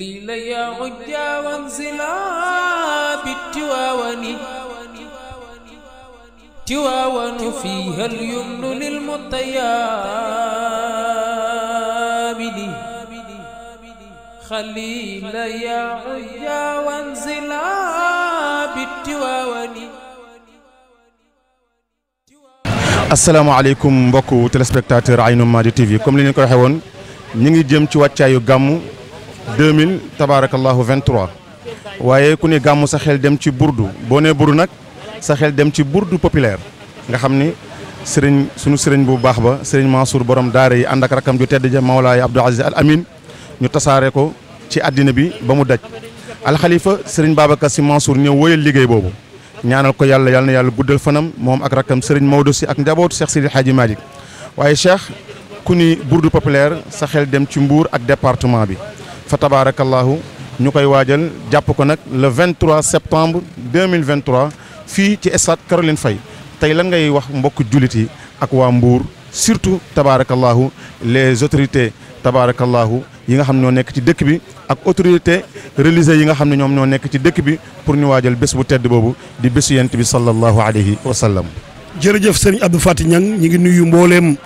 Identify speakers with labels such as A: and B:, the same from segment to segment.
A: ليليا عجا وانزلا بالتواون تواون فيها اليمن للمطيابد خليل يا عجا وانزلا بالتواون asalaamaaleykum mbokku téléspectateur Aynou Mady TV comme li ñu ko waxee woon ñu ngi jëm ci wàccaayu gàmmu 2000 tabaarakallahu 23 waaye ku ne gàmm sa xel dem ci burdu boo nee burdu nag sa xel dem ci burdu populaire nga xam ni sëriñ sunu sëriñ bu baax ba sëriñ Mansour borom daara yi andak rakam ju tedd ja Mawlaay Abdou Aziz Al Amin ñu tasaare ko ci àddina bi ba mu daj. khalifa sëriñ Babacar Sy Mansour ñëw woyal liggéey boobu ñaanal ko yàlla yal na yàlla guddal fanam moom ak rakam sëriñ maudou Sy ak njabootu Cheikh Sidi Hadji Malick waaye Cheikh ku ni burdu populaire sa xel dem ci mbuur ak département bi. fa tabaarakallaahu ñu koy waajal jàpp ko nag le 23 septembre 2023 fii ci stade Caroline fay tey lan ngay wax mbokk jullit yi ak waa Mbour surtout tabaarakallaahu les autorités tabaarakallaahu yi nga xam ñoo nekk ci dëkk bi ak autorité religieuses yi nga xam ne ñoom ñoo nekk ci dëkk bi pour ñu waajal bés bu tedd boobu di bésu yent bi sallallahu alayhi wa sallam.
B: jërëjëf sëriñ Abdou Fati Niang ñu ngi nuyu mbooleem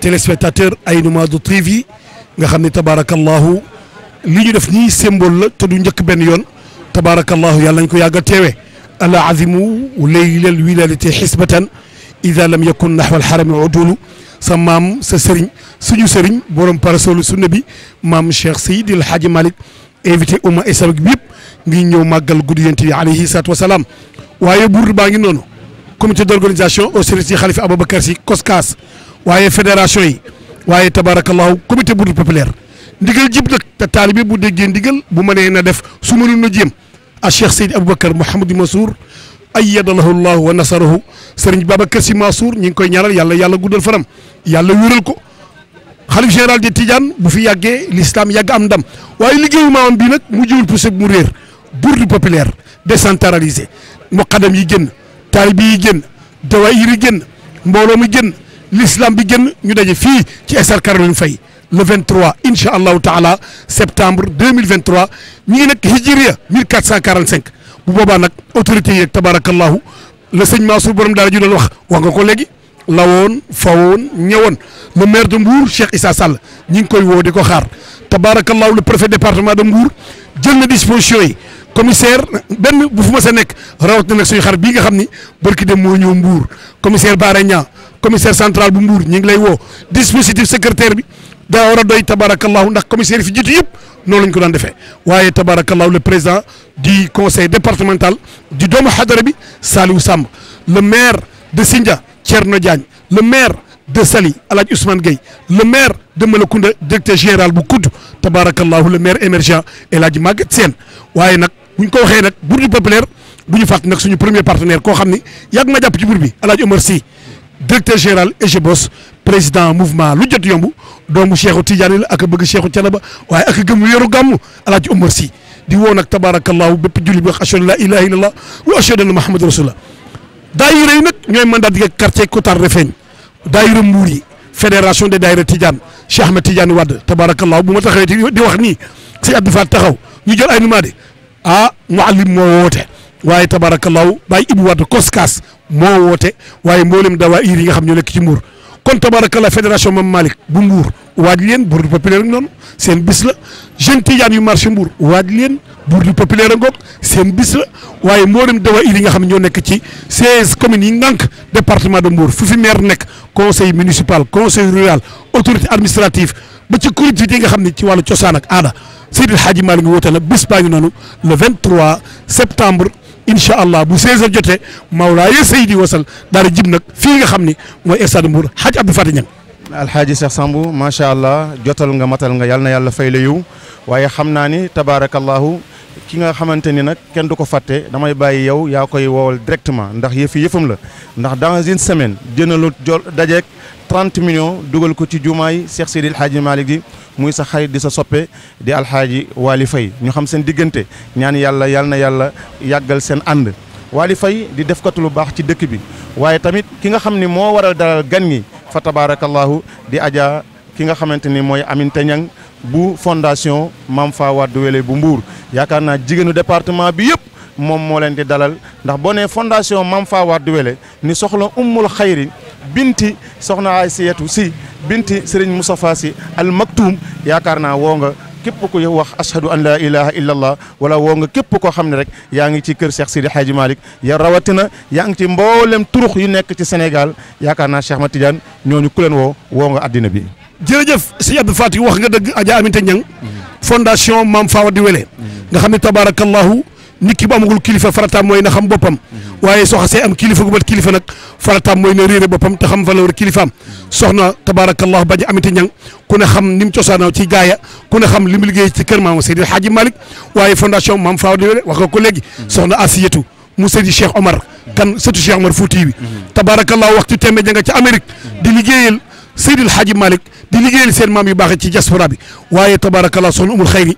B: téléspectateur Aïnou Mady TV nga xam ne tabaarakallaahu li ñu def ni symbole la te du ñëk ben yoon tabarakallah yàlla nañ ko yàgg téwé teewee ala azimu laylal wilalati hisbatan idha lam yakun naxwa alxarami udulu sa maam sa serign suñu serign borom parasolu sunna bi mam Cheikh sayyid al Hadji malik invité umma islamique bi yëpp ngi ñëw magal guddi yonent bi alayhi salaatu wasalaam waye buur baa ngi noonu comité d'organisation au service khalifa abou bakkar si COSCAS waye fédération yi waye tabarakallah comité bourde populaire ndigal jib nag te taalibe bu déggee ndigal bu mënee na def su mënul na jéem a cheikh seydi aboubacar mouhamadou mansour ayyadalahu llahu wa nasarahu sëriñ babacar si mansour ñi ngi koy ñaanal yàlla yàlla guddal faram yàlla wéral ko xalif général de tidiane bu fi yàggee l'islam yàgg am ndam waaye liggéeyu maamam bi nag mu jiwul pousse mu réer bourde populaire décentralisé muqadam yi génn taalibe yi génn dawaayir yi génn mbooloo mi génn l'islam bi génn ñu daje fii ci esar Caroline Faye le 23 incha taala septembre 2023 ñu ngi hijriya 1445 bu boobaa nag autorité yi tabarakallahu le Seigneur Mansour borom Dara ju doon wax wax nga ko le maire de Mbour Cheikh Issa Sall de ngi koy tabarakallahu le préfet département de Mbour jël na disposition commissaire Ben, bu fu ma sa nek rawatina nag suñu nga commissaire Barenya, commissaire central bu Mbour dispositif secrétaire bi daa war a doy tabarakallahu ndax commissaire yi fi jiitu yëpp noonu lañ ko daan defee waaye tabarakallahu le président du conseil départemental du doomu xadara bi sam le maire de Sindia Thierno Diagne le maire de Saly El Ousmane Gueye le maire de Malekounda directeur général bu kudd tabarakallahu le maire émergent El Hadj Maguette Sène nak nag bu ñu ko waxee Populaire bu Fat, nak, suñu premier partenaire koo xam ni yàgg ma jàpp ci général bi je bosse Omar Sy directeur général président mouvement lu jot yomb doomu Cheikhu Tidiane la ak bëgg Cheikhu Canaba waaye ak gëm wéeru gàmm alaaji Omar si di woo nag tabaarakallaahu bépp julli bi wax ashhadu laa ilaaha illallaah wa ashhadu anna Muhammadan rasulullah daayira yi nag ñooy mandat di quartier Kotar Refeñ daayira Mbuur yi fédération des daayira Tidiane Cheikh Ahmed Tidiane Wade tabaarakallaahu bu ma taxawee di wax nii si Abdou Faat taxaw ñu jël ay numéros de ah muallim moo woote waaye tabaarakallaahu Baye Ibou Wade moo woote waaye mboolem daayira yi nga xam ñoo nekk ci Mbuur kon tabaarakalla fédération Mame Malick bu Mbour waaj leen Bourg du Populaire noonu seen bis la jeune Tidiane yu marché Mbour waaj leen Bourg du Populaire ngoog seen waaye mboolem dawa yi nga xam ne ñoo nekk ci seize communes yi ngànk département de Mbour fu fi nekk conseil municipal conseil rural autorité administrative ba ci collectivité yi nga xam ne ci wàllu cosaan ak aada Seydil Hadji Malick ngi woote la bis baa ngi noonu le septembre incha allah bu 16h jotee Mawlaaye Seydi Wasal daal di jib nag fii nga xam ni mooy stade Mbour Hadj Abdou Faty Niang.
A: alxaaji Cheikh Sambu macha allah jotal nga matal nga yal na yàlla fay la yiw waaye xam naa ni tabaarakallahu ki nga xamante ni nag kenn du ko fàtte damay bàyyi yow yaa koy woowal directement ndax yëfi yëfam la ndax dans une semaine jënalu jol dajeeg 30 millions dugal ko ci jumaay Cheikh Seydi El Hadji Malick ji muy sa xarit di sa soppe di alxaaji Waly Faye ñu xam seen diggante ñaan yàlla yal na yàlla yàggal seen ànd Waly Faye di defkatu lu baax ci dëkk bi waaye tamit ki nga xam ni moo war a dalal gan ñi fa tabaarakallaahu di aja ki nga xamante ni mooy Aminata bu fondation Mame Fawade Wellé bu Mbour yaakaar naa jigéenu département bi yëpp moom moo leen di dalal ndax boo nee fondation Mame Fawade Wellé ni soxla ummul xayri binti soxna Aysiyatu si binti si al Maktoum yaakaar naa woo nga képp ku wax ashadu an laa ilaha illa allah wala woo nga képp koo xam ne rek yaa ngi ci kër Cheikh Sidi Hadji Malick ya rawatina yaa ngi ci mboolem turux yu nekk ci Sénégal yaakaar na Cheikh Ahmad Tidiane ñooñu ku leen woo woo nga àddina bi
B: jërëjëf si faat yi wax nga dëgg Adja Aminta Niang fondation Mame Fawade Wele nga xam ne tabarakallahu nit ki bu amagul kilifa farata moy na xam bopam waye soo xasee am kilifa gu mat kilifa nak farata moy na réere bopam te xam valeur kilifa war soxna tabarakallah baji amiti ñang ku ne xam nim ciosano ci gaaya ku ne xam limu liggey ci keur maam seydil Hadji malik waye fondation mam Faaw di wax ko legi soxna Asiyatu mu Seydi Cheikh Omar kan sëtu Cheikh Omar Fouti bi tabarakallah waxtu teme ja nga ca Amérique di liggeyel seydil Hadji malik di liggeyel seen mam yu bax ci diaspora bi waye tabarakallah soxna umul khairi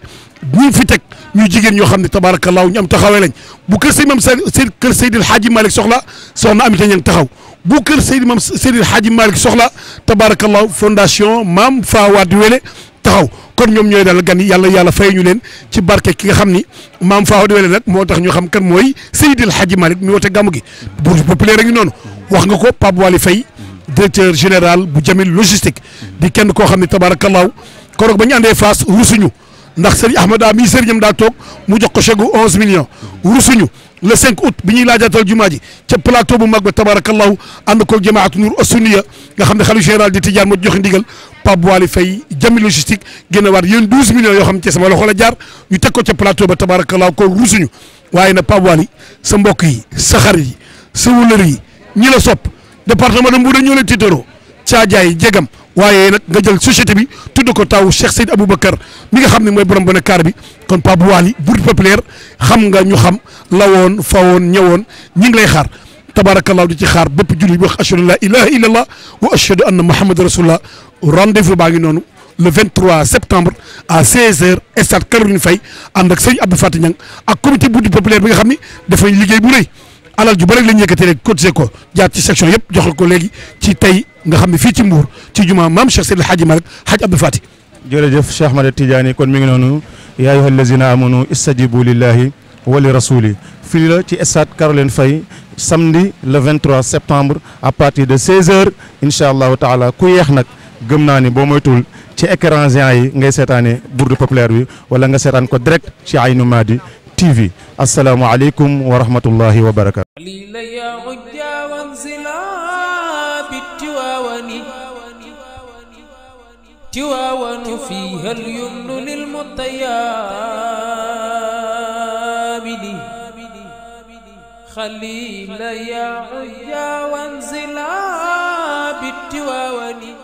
B: ñi fi teg ñuy jigéen ñoo xam ne ñu am taxawee lañ bu kër Seydou Mam seen kër Seydil Hadji Malick soxla soxna Amita Ñang taxaw bu kër Seydou Mam Seydil Hadji Malick soxla tabaarakallaahu fondation Maam Fawade Wele taxaw kon ñoom ñooy daal gan yàlla yàlla fay ñu leen ci barke ki nga xam ni Maam Fawade Wele nag moo ñu xam kan mooy Seydil Hadji Malick mi woote gàmmu gi bourse populaire ngi noonu wax nga ko Pape Waly Faye directeur général bu Jamil logistique di kenn koo xam ne tabaarakallaahu koroog ba ñu rusuñu ndax sëriñ Ahmada mii sëriñam daa toog mu jox ko chegu 11 millions rusuñu le 5 août bi ñuy laajaatal jumaa ji ca plateau bu mag ba tabarakallahu ànd ko jamaatu nur asuniya nga xam ne xalifa général di Tijaan moo joxe ndigal Pape Waly Faye jami logistique génne waat yéen 12 millions yoo xam ci sama loxo la jaar ñu teg ko ca plateau ba tabarakallahu ko rusuñu waaye nag Pape Waly sa mbokk yi sa xarit yi sa wulër yi ñi la sopp département de Mbuur ñoo leen tiitaroo caajaay jegam waaye nag nga jël société bi tudd ko taw Cheikh Seyd Aboubacar mi nga xam ne mooy borom Bonakar bi kon Pape Waly Bourd Populaire xam nga ñu xam la woon fa woon ñëwoon ngi lay xaar tabaarakallaahu di ci xaar bépp julli bi wax ashhadu la ilaha illa allah wa ashhadu anna muhammad rasulullah rendez-vous baa ngi noonu le 23 septembre à 16h stade Caroline Faye ànd ak sëñ Abdou Faty Niang a comité Bourd Populaire bi nga xam ne dafay liggéey bu rëy alal ju bëri la ñu yëkkati rek cotisé ko jaar ci section yëpp jox ko léegi ci tey nga xam ne fii ci mbuur ci jumaa maam Cheikh Seydil Hadji Malick Hadj Abdou Fati
A: jërëjëf Cheikh Ahmad Tidiane kon mi ngi noonu yaa ayyuha allazina amanu istajibu lillahi wa li rasuli fii la ci stade Caroline Faye samedi le 23 septembre à partir de 16h incha allahu taala ku yeex nag gëm naa ni boo moytuwul ci écran géant yi ngay seetaane bourde populaire bi wala nga seetaan ko direct ci Aynou Mady TV السلام عليكم ورحمة الله وبركاته يا فيها اليمن خليل يا عيا وانزلا بالتواون